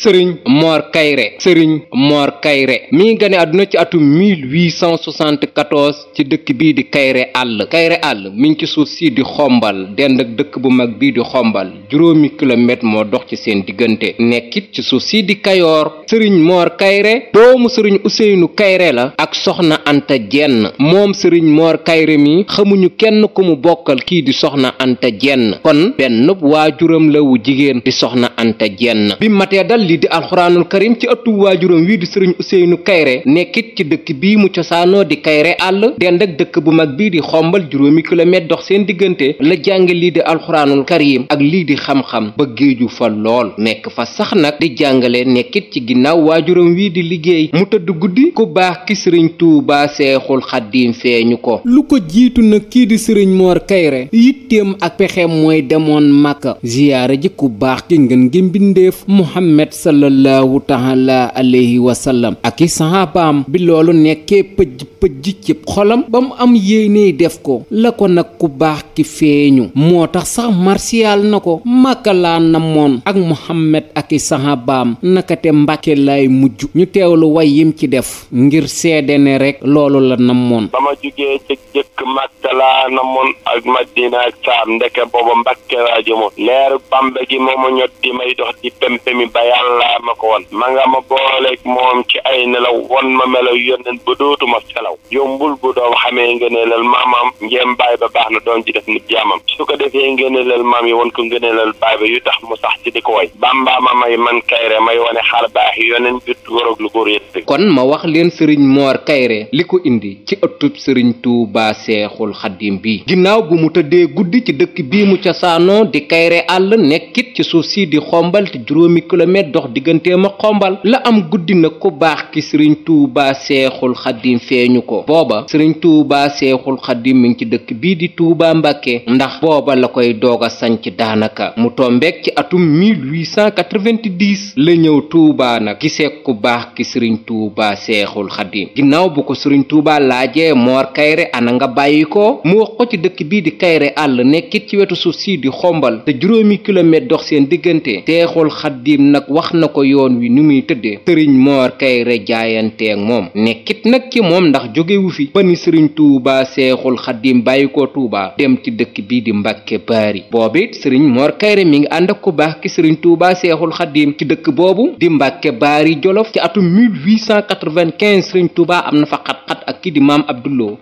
sëriñ Mor Kayre sëriñ Mor Kayre mi ngi gane àdduna ci atum 1874 ci dëkk bii di Kayre àll Kayre àll mi ci suuf sii di xombal dend ak dëkk bu mag bii di xombal juróomi kilomètre moo dox ci seen diggante nekkit ci suuf sii di Kayoor sëriñ Mor Kayre doomu sëriñ Ousseynou Kayre la ak soxna Anta Jenn moom sëriñ Mor Kayre mi xamuñu kenn ku mu bokkal kii di soxna Anta Jenn kon benn waajuram la wu jigéen di soxna Anta Jenn bi matee dal lii di alxuraanul karim ci ëttu waajuram wii di sëriñ Ousseynou Kayré nekkit ci dëkk bii mu cosaanoo di Kayré àll dend ak dëkk bu mag bii di xombal juróomi kilomètre dox seen diggante la jànge lii di alxuraanul karim ak lii di xam-xam ba ju fa lool nekk fa sax nag di jàngale nekkit ci ginnaaw waajuram wii di liggéey mu tëdd guddi ku baax ki sëriñ Tuubaa Seexul Xaddiim feeñu ko lu ko jiitu nag kii di sëriñ Mor Kayré yitteem ak pexeem mooy demoon Màkka sallallahu taala alayhi wa sallam ak i sahabaam bi loolu nekkee pëj pëj ci xolam ba mu am yéeney def ko la ko nag ku baax ki feeñu moo tax sax marsiyaal na ko màkka laa namoon ak Muhammad ak i sahabaam nakate mbàkke lay mujj ñu teewlu way yim ci def ngir seede ne rek loolu la namoon Màkka laa namoon ak Madina ak Saam ndeke booba Mbàkke laa jëmoon leeru Bàmba gi moo ma ñot di may dox di pempemi ba yàlla ma ko won ma nga ma booleeg moom ci ay nelaw won ma melaw yónneen ba dootuma selaw yombul bu doom xamee ngëneelal maamam ngeen baay ba baax na doom ji def nit jaamam su ko defee ngëneelal maam yi won ko ngëneelal baay ba yu tax mu sax ci di ko woy Bàmba ma may man kayre may wane xar baax yónneen bi warog lu ko réet kon ma wax leen sëriñ Mor Kayre li ko indi ci ëttub sëriñ Tuubaa Seexul xaddim bi ginnaaw bu mu tëddee guddi ci dëkk bii mu cosaanoo di kayre àll nekkit ci suuf si di xombal te juróomi kilomètre dox digganteem a xombal la am guddi nag ku baax ki sëriñ tuubaa seexul xaddim feeñu ko booba sëriñ tuubaa seexul xaddim mi ngi ci dëkk bii di tuubaa mbàkke ndax booba la koy doog a sanc daanaka mu tombeek ci atum 1890 la ñëw tuubaa nag gisee ku baax ki sëriñ tuubaa seexul xaddim ginnaaw bu ko sëriñ tuubaa laajee moor kayre ana nga bàyyi ko ko mu wax ko ci dëkk bii di kayre àll nekkit ci wetu suuf sii di xombal te juróomi kilomètre dox seen diggante seexul xaddiim nag wax na ko yoon wi ni muy tëddee sëriñ moor kayre jaayanteeg moom nekkit nag ci moom ndax jógewu fi ba ni sëriñ tuuba seexul xaddiim bàyyi ko tuuba dem ci dëkk bii di mbàkke baari boobit sëriñ moor kayre mi ngi ànd ak ku baax ki sëriñ tuuba seexul xaddiim ci dëkk boobu di mbàkke baari jolof ci atum 1895 sëriñ tuuba am na fa xat ak ki di maam abdulloo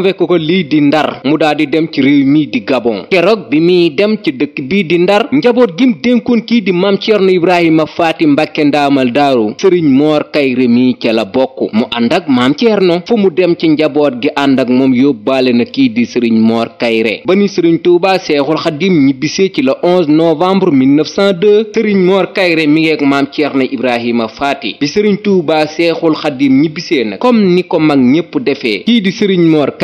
convoqué ko lii di ndar mu daal di dem ci réew mii di gabon keroog bi muy dem ci dëkk bii di ndar njaboot gim dénkoon kii di maam Cerno Ibrahima Faati Mbàkke ndaamal daaru sëriñ Moor Kayre mii ca la bokk mu ànd ak maam Cerno fu mu dem ci njaboot gi ànd ak moom yóbbaale na kii di sëriñ Moor Kayre ba ni sëriñ Tuubaa Seexul Xadim ñibbisee ci le 11 novembre 1902 sëriñ Moor Kayre mi ngeek maam Cerno Ibrahima Faati bi sëriñ Tuubaa Seexul Xadim ñibbisee nag comme ni ko mag ñépp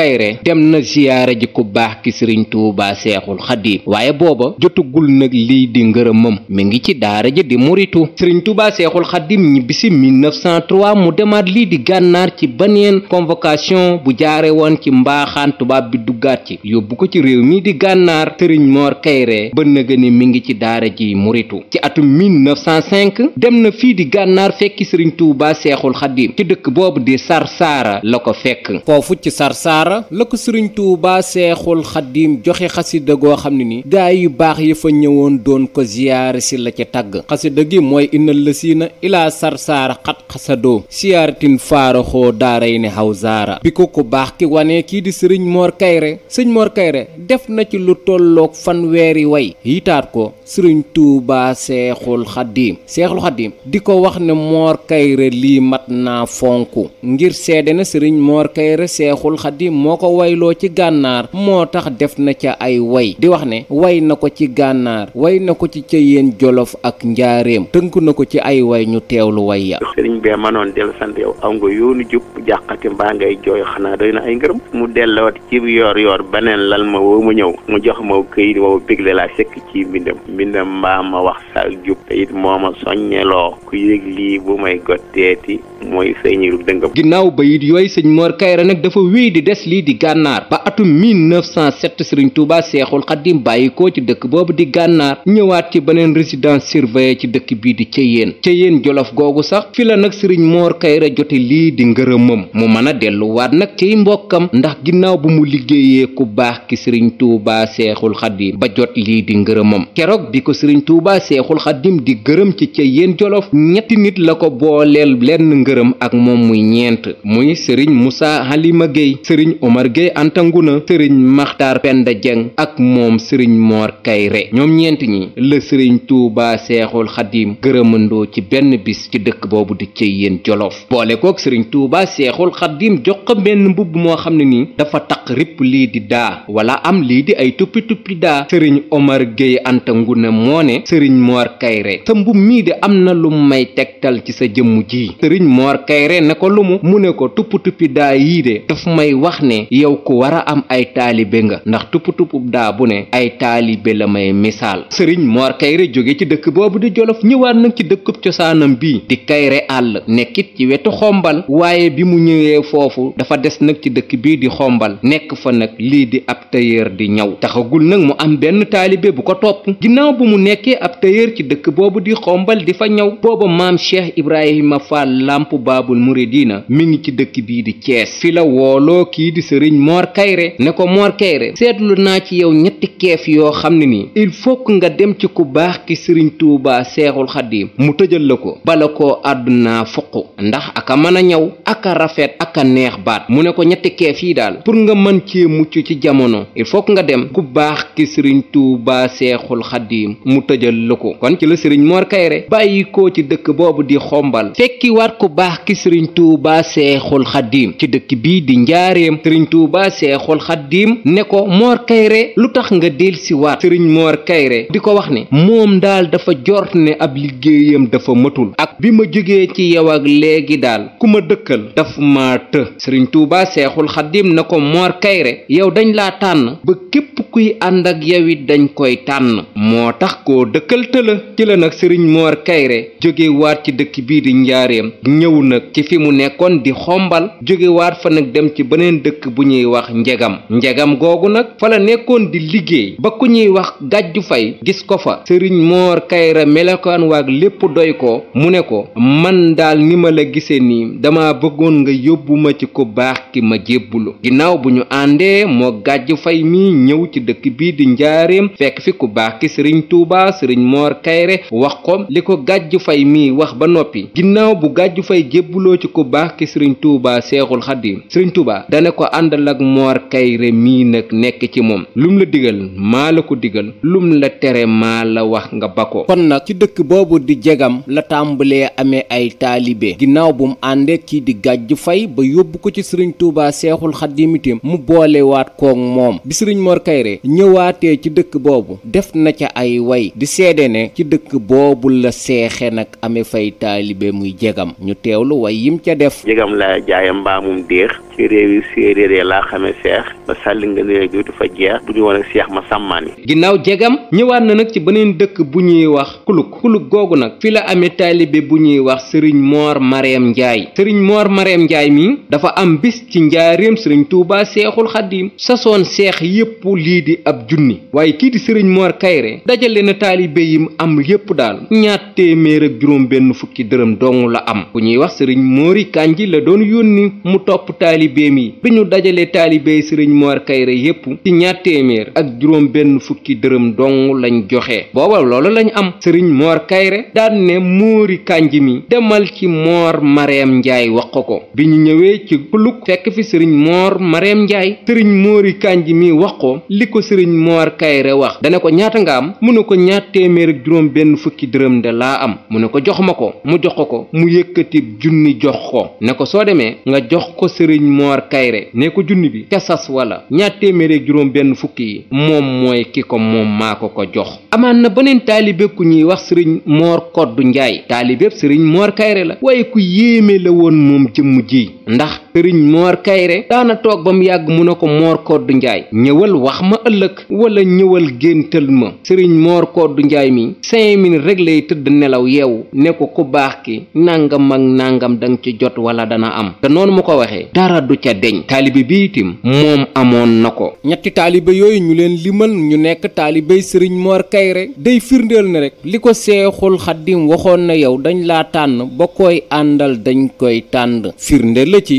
Kayre dem na ziyaara ji ku baax ki sëriñ Tuubaa Seexul Xadiim waaye booba jotagul nag lii di ngërëmam mi ngi ci daara ji di muritu sëriñ Tuubaa Seexul Xadiim ñibbisi 1903 mu demaat lii di gànnaar ci baneen convocation bu jaare woon ci mbaaxaan tubaab bi duggaat ci yóbbu ko ci réew mi di gànnaar sëriñ Moor Kayre ba nëga ni mi ngi ci daara ji muritu ci atum 1905 dem na fii di gànnaar fekki sëriñ Tuubaa Seexul Xadiim ci dëkk boobu di Sarsaara la ko fekk foofu ci dara la ko sëriñ Tuubaa seexul xaddiim joxe xasida goo xam ne ni gaay yu baax yi fa ñëwoon doon ko ziyaare si la ci tàgg xasida gi mooy innal la siina ilaa sarsaara xat xasadoo siyaaratin faaraxoo yi ne xaw zaara bi ko ko baax ki wane kii di sëriñ moor Kayre sëñ Mor Kayre def na ci lu tolloog fanweeri way yiitaat ko sëriñ Tuubaa seexul xaddiim seexul xaddiim di ko wax ne Mor Kayre lii mat naa fonk ngir seede na sëriñ Mor Kayre seexul xaddiim moo ko wayloo ci gànnaar moo tax def na ca ay way di wax ne way na ko ci gànnaar way na ko ci cëyeen jolof ak njaareem tënk na ko ci ay way ñu teew lu way ya sëriñ bee manoon del sant yow aw nga yoonu jub jàqati mbaa ngay jooy xanaa doy na ay ngërëm mu delloot ci yoor yoor beneen lal ma woo mu ñëw mu jox ma këyit wow bégle laa sekk ci mbindam mbindam mbaa ma wax sa jub te it moo ma soññeloo ku yëg lii bu may gotteeti mooy sëñiru dëngam ginnaaw ba it yooyu sëñ Mor Kayra nag dafa wéy di des lii di gànnaar ba atum 1907 sëriñ Touba seexul xaddim bàyyikoo ci dëkk boobu di gànnaar ñëwaat ci beneen résidence surveillée ci dëkk bii di cëyeen cëyeen jolof googu sax fi la nag sëriñ moor Kayra jote lii di ngërëmam mu mën a delluwaat nag ciy mbokkam ndax ginnaaw bu mu liggéeyee ku baax ki sëriñ Touba seexul xaddim ba jot lii di ngërëmam keroog bi ko sëriñ Touba seexul xaddim di gërëm ci cëyeen jolof ñetti nit la ko booleel lenn ngërëm ak moom muy ñeent muy sëriñ Moussa Halima Gueye sëriñ Gueye Omar Gueye Anta Nguna sëriñ Maxtaar Penda Dieng ak moom sëriñ Mor Kayre ñoom ñeent ñi la sëriñ Touba Seexul Xadim gërëmandoo ci benn bis ci dëkk boobu di Ceyeen Jolof boole kook sëriñ Touba Seexul Xadim jox ko benn mbubb moo xam ne nii dafa taq ripp lii di daa wala am lii di ay tuppi tuppi daa sëriñ Omar Gueye Anta Nguna moo ne sëriñ Mor Kayre sa mbubb mii de am na lu may tegtal ci sa jëmm ji sëriñ Mor Kayre ne ko lu mu mu ne ko tupp tuppi daa yii de daf may wax ne yow ku war a am ay taalibe nga ndax tupp-tuppub daa bu ne ay taalibe la may misaal sëriñ Mor Kayre jóge ci dëkk boobu di Jolof ñëwaat nag ci dëkku cosaanam bi di Kayre àll nekkit ci wetu xombal waaye bi mu ñëwee foofu dafa des nag ci dëkk bii di xombal nekk fa nag lii di ab tailleur di ñaw taxagul nag mu am benn taalibe bu ko topp ginnaaw bu mu nekkee ab tailleur ci dëkk boobu di xombal di fa ñaw booba maam Cheikh Ibrahima Fall làmp Baabul Muridina mi ngi ci dëkk di sëriñ Mor Kayre ne ko Mor Kayre seetlu naa ci yow ñetti keef yoo xam ne nii il faut que nga dem ci ku baax ki sëriñ Tuubaa Seexul Xadiim mu tëjal la ko bala koo àddunaa fuq ndax aka mën a ñaw aka rafet aka neex baat mu ne ko ñetti keef yi daal pour nga mën cee mucc ci jamono il faut nga dem ku baax ki sëriñ Tuubaa Seexul Xadiim mu tëjal la ko kon ci la sëriñ Mor Kayre bàyyi ko ci dëkk boobu di xombal fekkiwaat ku baax ki sëriñ Tuubaa Seexul Xadiim ci dëkk bii di njaareem sëriñ tuuba seexul xaddiim ne ko moor kayre lu tax nga si waat sëriñ moor kayre di ko wax ni moom daal dafa jort ne ab liggéeyam dafa mëtul ak bi ma jógee ci yow ak léegi daal ku ma dëkkal daf ma të sëriñ tuuba seexul xaddiim na ko moor kayre yow dañ laa tànn ba képp kuy ànd ak yow it dañ koy tànn moo tax koo dëkkal të la ci la nag sëriñ moor kayre jógewaat ci dëkk bii di njaareem ñëw nag ci fi mu nekkoon di xombal jóge fa nag dem ci beneen dëkk bu ñuy wax njegam njegam googu nag fa la nekkoon di liggéey ba ku ñuy wax gàjju fay gis ko fa sëriñ moor kayre melokaan waag lépp doy ko mu ne ko man daal ni ma la gisee nii dama bëggoon nga yóbbu ma ci ku baax ki ma jébbulu ginnaaw bu ñu àndee moo gàjju fay mi ñëw ci dëkk bii di njaareem fekk fi ku baax ki sëriñ tuuba sëriñ moor kayre wax ko li ko gàjju fay mii wax ba noppi ginnaaw bu gàjju fay jébbuloo ci ku baax ki sëriñ tuuba seexul xaddim ko àndal ak Mor Kayre mii nag nekk ci moom lum la digal maa la ko digal lum la tere maa la wax nga ba ko kon nag ci dëkk boobu di jegam la tàmbalee amee ay taalibe ginnaaw bu mu àndee kii di gàjj fay ba yóbbu ko ci sëriñ Touba Seexul Xadiim itam mu boolewaat koog moom bi sëriñ Mor Kayre ñëwaatee ci dëkk boobu def na ca ay way di seede ne ci dëkk boobu la seexe nag ame fay taalibe muy jegam ñu teewlu way yim ca def jegam la jaayam mbaamum déex réer laa xamee seex ba sàlli nga ne dootu fa jeex bu ñu wane seex ma sàmmaani ginnaaw jegam ñëwaat na nag ci beneen dëkk bu ñuy wax kuluk kuluk googu nag fi la amee taalibe bu ñuy wax sëriñ moor mareem njaay sëriñ moor mareem njaay mi dafa am bis ci njaareem sëriñ tuubaa seexul xaddiim sasoon seex yépp lii di ab junni waaye kii sëriñ moor kayre dajale na taalibe yim am yépp daal ñaat téeméer ak juróom benn fukki dërëm dong la am bu ñuy wax sëriñ moori kànji la doon dajale taalibey sëriñ Mor Kayre yépp ci ñaar téeméer ak juróom benn fukki dërëm dong lañ joxe booba loolu lañu am sëriñ moor Kayre daan ne Móori Kànji mi demal ci Mor Mareem Njaay wax ko bi ñu ñëwee ci kuluk fekk fi sëriñ Mor Mareem Njaay sëriñ Móori Kànji mi wax ko li ko sëriñ moor Kayre wax dana ko ñaata nga am mu ne ko ñaar téeméer juróom benn fukki dërëm de laa am mu ne ko jox ma ko mu jox ko ko mu yëkkati junni jox ko ne ko soo demee nga jox ko sëriñ moor Kayre joxe ne ko junni bi ca sas wala ñaar téeméer juróom benn fukki yi moom mooy ki ko moom maa ko ko jox amaan na beneen taalibe ku ñuy wax sëriñ moor koddu njaay taalibeb sëriñ moor kayre la waaye ku yéeme la woon moom jëmm ji ndax sëriñ moor kayre daana toog ba mu yàgg mu ne ko moor koddu njaay ñëwal wax ma ëllëg walla ñëwal géntal ma sëriñ moor koddu njaay mi cinq minutes rek lay tëdd nelaw yeewu ne ko ku baax ki nangam ak nangam danga ci jot wala dana am te taalibe bi itim moom amoon na ko ñetti taalibe yooyu ñu leen limal ñu nekk taalibey sëriñ moor Kayre day firndeel ne rek li ko seexul xaddim waxoon na yow dañ laa tànn ba koy àndal dañ koy tànn firnde la ci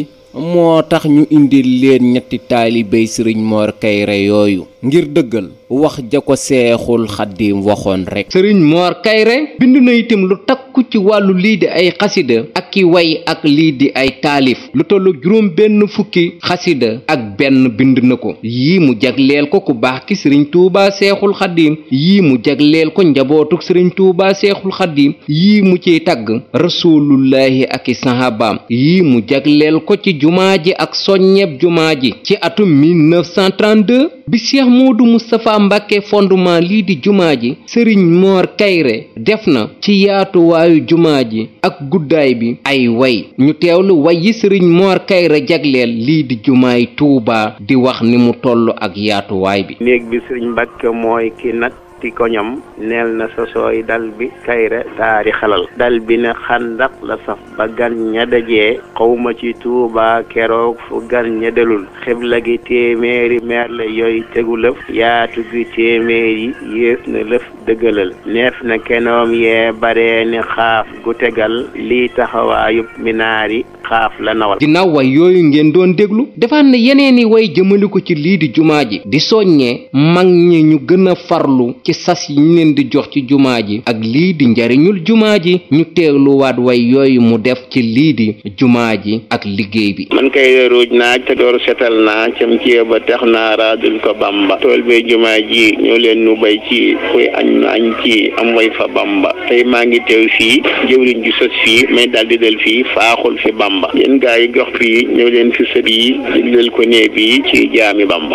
moo tax ñu indi leen ñetti taalibey sëriñ moor Kayre yooyu ngir dëggal wax ja ko seexul xaddiim waxoon rek. sëriñ Mor Kayre bind na itam lu takku ci wàllu lii di ay xasida ak ki way ak lii di ay taalif lu tollu juróom benn fukki xasida ak benn bind na ko yii mu jagleel ko ku baax ki sëriñ Tuubaa seexul xaddiim yii mu jagleel ko njabootuk sëriñ Tuubaa seexul xaddiim yii mu ciy tagg rasulullahi ak i sahabaam yii mu jagleel ko ci jumaa ji ak soññeb jumaa ji ci atum 1932 bi cheikh moodu moustapha mbàkke fondement lii di jumaa ji sëriñ moor kayre def na ci yaatuwaayu jumaa ji ak guddaay bi ay way ñu teewlu way yi sëriñ moor kayre jagleel lii di jumaay tuuba di wax ni mu toll ak yaatuwaay bi néeg bi sëriñ mbàkke mooy ki nag ti koñom neel na sosooy dal bi kayre taari xalal dal bi ne xandak la saf ba gan ña dajee xawma ci tuubaa keroog fu gan ña delul xibla gi téeméeri meer yooy tegu lëf yaatu gi téeméeri yées na lëf dëggalal neef na kenoom yee baree ni xaaf gu tegal li taxawaayub minaari xaaf la nawal ginnaaw way yooyu ngeen doon déglu defaat na yeneeni way jëmale ko ci lii di jumaa ji di soññee mag ñi ñu gën a farlu ci sas yi ñu leen di jox ci jumaa ji ak lii di njariñul jumaa ji ñu teegluwaat way yooyu mu def ci lii di jumaa ji ak liggéey bi man kay ruuj naaj te door setal na cam ci ba tax naa raadul ko bamba tool bee jumaa ji ñoo leen nu bay ci kuy añ nu añ ci am way fa bamba tey maa ngi teew fii jëwriñ ju sos fii may daldi del fii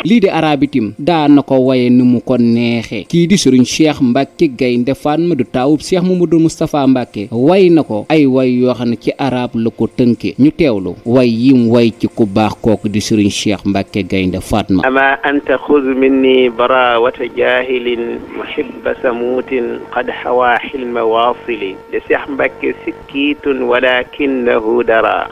lii di araabitim daa na ko waye ni mu ko neexe kii di sëriñ cheikh mbàkke gaynde Fatma du taawub cheikh mamadou moustapha mbàkke way na ko ay way yoo xam ne ci arab la ko tënke ñu teewlu way yim way ci ku kooku di sëriñ cheikh mbàkke gaynde Fatma ama anta xuz minni barawata jahilin muhibba samuutin qad hawaa xilma waasili li cheikh mbàkke sikkiitun walakinahu dara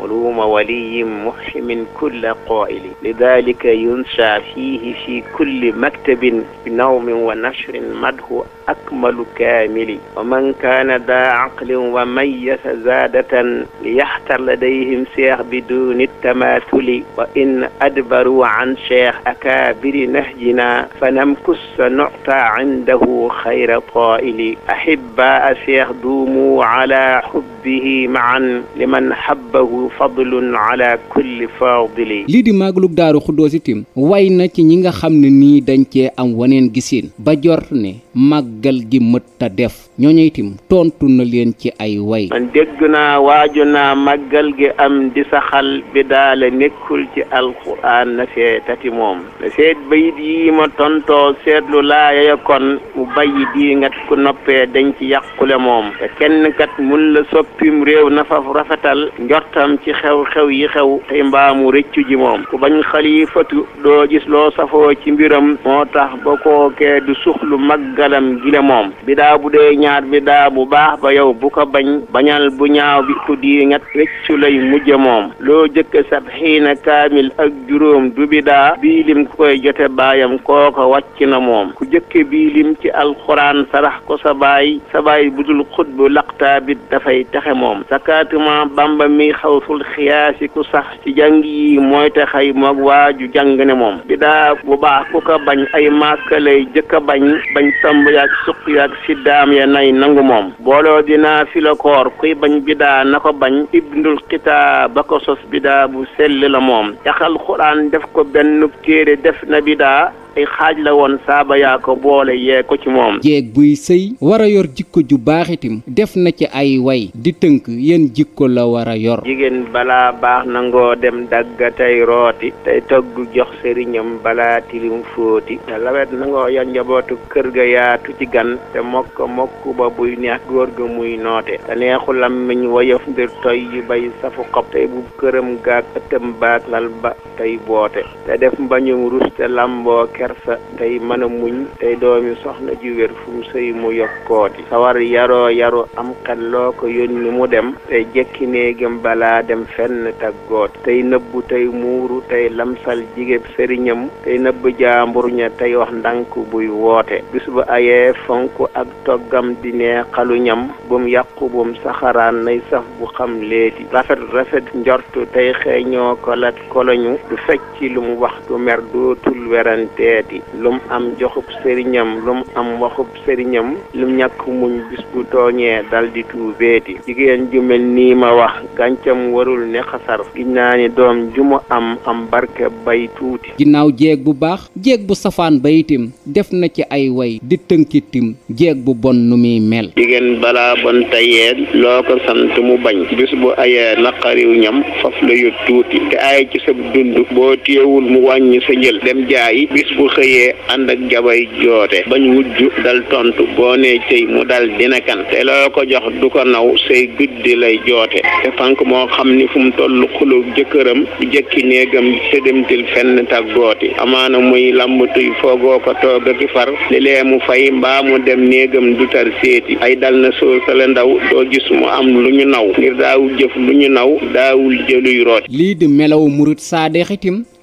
علوم ولي محسم كل قائل لذلك ينشا فيه في كل مكتب بنوم ونشر مده أكمل كامل ومن كان ذا عقل وميز زادة ليحتر لديهم شيخ بدون التماثل وإن أدبروا عن شيخ أكابر نهجنا فنمكس نعطى عنده خير طائل أحباء شيخ دوموا على حبه معا لمن حبه fadlun ala kulli faadili lii di màggalug daaru xuddóos itim way na ci ñi nga xam ne nii dañ cee am waneen gisiin ba jort ne màggal gi mët ta def ñooñu itim tontu na leen ci ay way man dégg naa waaju naa màggal gi am di saxal bi daala nekkul ci alxuraan na see moom na seet bayit yi ma tontoo seetlu laa yaya kon mu bàyyi dii ngat ku noppee dañ ci yàqule moom te kenn kat mun la soppim réew na fa rafetal njortam ci xew-xew yi xew tey mbaamu rëccu ji moom ku bañ xalifatu doo gis loo safoo ci mbiram moo tax ba kookee du suxlu maggalam gile moom bidaa bu dee ñaar bidaa bu baax ba yow bu ko bañ bañal bu ñaaw bi ku di ngat rëccu lay mujje moom loo jëkk sab xiina kaamil ak juróom du bidaa bii lim ku koy jote baayam kooko wàcc na moom ku jëkke bii lim ci alxuraan sarax ko sa baay sa baay budul xutbu laqtaa bit dafay texe moom sakaatuma bamba mi xaw xarful xiyaasi ku sax ci jàng yi mooy te xay moog waaju jàng ne moom bidaa bu baax ku ko bañ ay maaska lay jëkk bañ bañ samb yaag suq yaag siddaam ya nay nangu moom booloo dinaa fi koor kuy bañ bidaa na ko bañ ibnul xitaa ba ko sos bidaa bu sell la moom yaxal xuraan def ko benn téere def na bidaa xaaj la woon saaba yaa ko boole yee ko ci moom jeeg buy sëy war a yor jikko ju baax itam def na ci ay way di tënk yéen jikko la war a yor jigéen balaa baax nangoo dem dagga tey rooti tey togg jox sëriñam balaa tilim fóoti te lawet nangoo yor njabootu kër ga yaatu ci gan te mokk mokk ba buy neex góor ga muy noote te neexu làmmiñ woyof mbir toy yu bay safu xob tey bu këram gaag ëttam baak lal ba tey boote te def mbañum rus te làmboo kersa tey mën a muñ tey doomi soxna ji wér fu mu sëy mu yokkooti sawar yaroo yaru am xel loo ko yónni mu dem tey jekki néegam balaa dem fenn taggoot tey nëbbu tey muuru tey lamsal jigéb sëriñam tey nëbb jaambur ña tey wax ndànk buy woote bis bu ayee fonk ak toggam di nee xalu ñam bum yàqu bum saxaraan nay saf bu xam léeti rafet rafet njortu tey xeeñoo kolat koloñu du fecc lu mu mer dootul werante deeti lu mu am joxub sëriñam lu mu am waxub sëriñam lu mu ñàkk muñ bis bu tooñee dal di tuubeeti jigéen ju mel nii ma wax gàncam warul ne xasar giñ doom ju mu am am barke bay tuuti ginnaaw jeeg bu baax jeeg bu safaan ba def na ci ay way di tënkitim jeeg bu bon nu muy mel jigéen balaa bon te loo ko sant mu bañ bis bu ayee naqariw faf la yót tuuti te ay ci sa dund boo téyewul mu wàññi sa njël dem jaayi bis bu xëyee ànd ak jabay joote bañ wujj dal tontu boo nee tey mu dal dina kan te loo ko jox du ko naw say guddi lay joote te fank moo xam ni fu mu toll xuloog jëkkëram bu jëkki néegam te demtil fenn tàggooti amaana muy làmbatuy foogoo ko toog ak far léeg mu fay mbaa mu dem néegam du tar seeti ay dal na soo sale ndaw doo gis mu am lu ñu naw ngir daawul jëf lu naw daawul jëluy root lii di melaw murit saa deex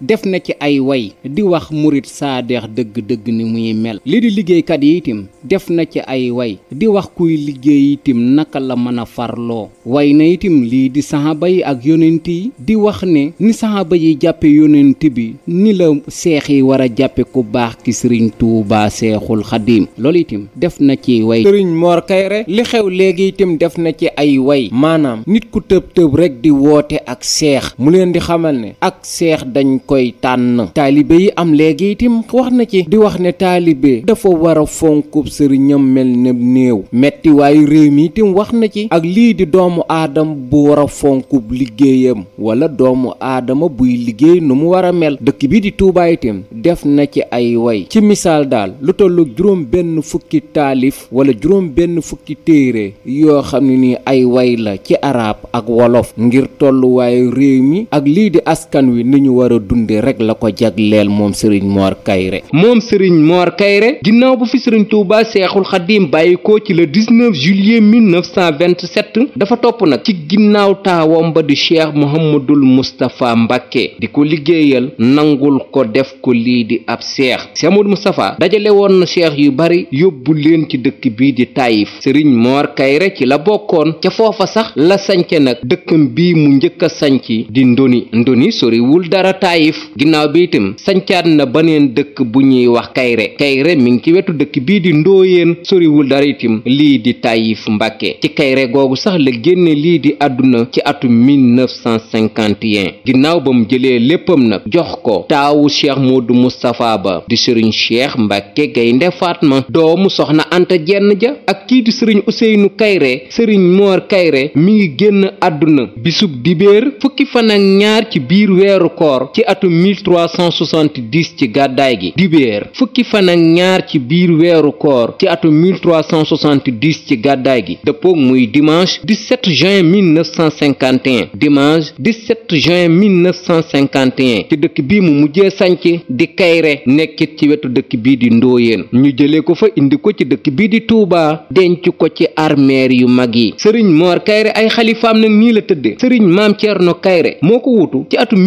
def na ci ay way di wax murit saadeex dëgg-dëgg ni muy mel li di liggéeykat yi itim def na ci ay way di wax kuy liggéey itim naka la mën a farloo way na itim lii di saxaaba yi ak yonent yi di wax ne ni saxaaba yi jàppe yonent bi ni la seex yi war a jàppe ku baax ki sëriñ Tuubaa seexul xadiim loolu itim def na ci way sëriñ Mor Kayre li xew léegi itim def na ci ay way maanaam nit ku tëb tëb rek di woote ak seex mu leen di xamal ne ak seex dañ koy tànn taalibe yi am léegi itim wax na ci di wax ne taalibe dafa war a fonkub sëriñam mel ne néew metti waaye réew mi itim wax na ci ak lii di doomu aadama bu war a fonkub liggéeyam wala doomu aadama buy liggéey nu mu war a mel dëkk bi di Tuubaa def na ci ay way ci misaal daal lu tollu juróom benn fukki taalif wala juróom benn fukki téere yoo xam ne ni ay way la ci arab ak wolof ngir tolluwaayu réew mi ak lii di askan wi ni ñu war a dundee rek la ko jagleel moom Serigne moor Kayré moom Serigne Mor Kayré ginnaaw bu fi Serigne Touba Seexul Xadim bàyyi ko ci le 19 juillet 1927 dafa topp nag ci ginnaaw taawam ba di Cheikh Mouhamadul Moustapha Mbacke di ko liggéeyal nangul ko def ko lii di ab seex Cheikh Mouhamadul Moustapha dajale woon na seex yu bari yóbbu leen ci dëkk bi di Taïf Serigne Mor Kayré ci la bokkoon ca foofa sax la sànce nag dëkkam bi mu njëkk a di ndoni ndoni soriwul dara Taïf Taif ginnaaw bi itam sancaat na baneen dëkk bu ñuy wax Kayre Kayre mi ngi ci wetu dëkk bii di ndóoyeen soriwul dara itam lii di Taif Mbàkke ci Kayre googu sax la génne lii di àdduna ci atum 1951 ginnaaw ba mu jëlee léppam nag jox ko taawu cheikh Modou Moustapha ba di sëriñ cheikh Mbàkke Gaynde Fatma doomu soxna ant Jenn ja ak kii di sëriñ Ousseynou Kayre sëriñ Moor Kayre mi ngi génn àdduna bisub dibéer fukki fan ñaar ci biir weeru koor ci atum 1370 ci gàddaay gi dibéer fukki fan ñaar ci biir weeru koor ci atum 1370 ci gàddaay gi dëppoog muy dimanche 17 juin 1951 dimanche 17 juin 1951 ci dëkk bi mu mujjee sanc di kayre nekkit ci wetu dëkk bi di ndóoyeen ñu jëlee ko fa indi ko ci dëkk bi di Touba denc ko ci armeer yu mag yi sëriñ Mor Kayre ay xalifaam nag nii la tëdde sëriñ maam Cerno Kayre moo ko wutu ci atum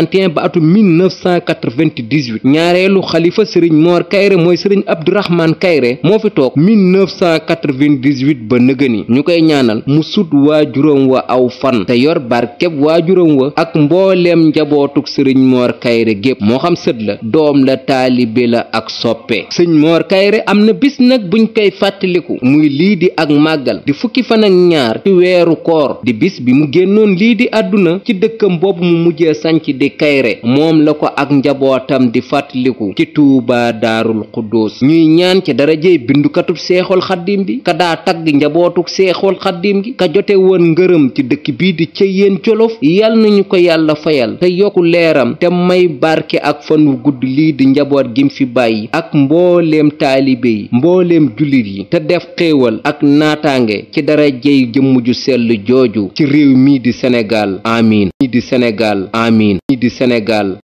1951 ba atum 1998 ñaareelu xalifa sëriñ Mor Kayre mooy sëriñ Abdourahmane Kayre moo fi toog 1998 ba nëgëni ñu koy ñaanal mu sut waajuram wa aw fan te yor barkeb waajuram wa ak mbooleem njabootug sëriñ Mor Kayre gépp moo xam sët la doom la taalibe la ak soppe sëñ Mor Kayre am na bis nag buñ koy fàttaliku muy lii di ak màggal di fukki fan ak ñaar ci weeru koor di bis bi mu génnoon lii di àdduna ci dëkkam boobu mu mujjee sanc di kayre moom la ko ak njabootam di fàttaliku ci tuubaa daarul xuddoos ñuy ñaan ci darajey bindukatub seexul xaddim bi ka daa tagg njabootuk seexul xaddim gi ka jote woon ngërëm ci dëkk bii di ca yéen jolof yal nañu ko yàlla fayal te yokku leeram te may barke ak fanu gudd lii di njaboot gim fi bàyyi ak mbooleem taalibe yi mbooleem jullit yi te def xéewal ak naataange ci darajey jëmm ju sell jooju ci réew mii di Sénégal amiin mii di Sénégal amiin di Sénégal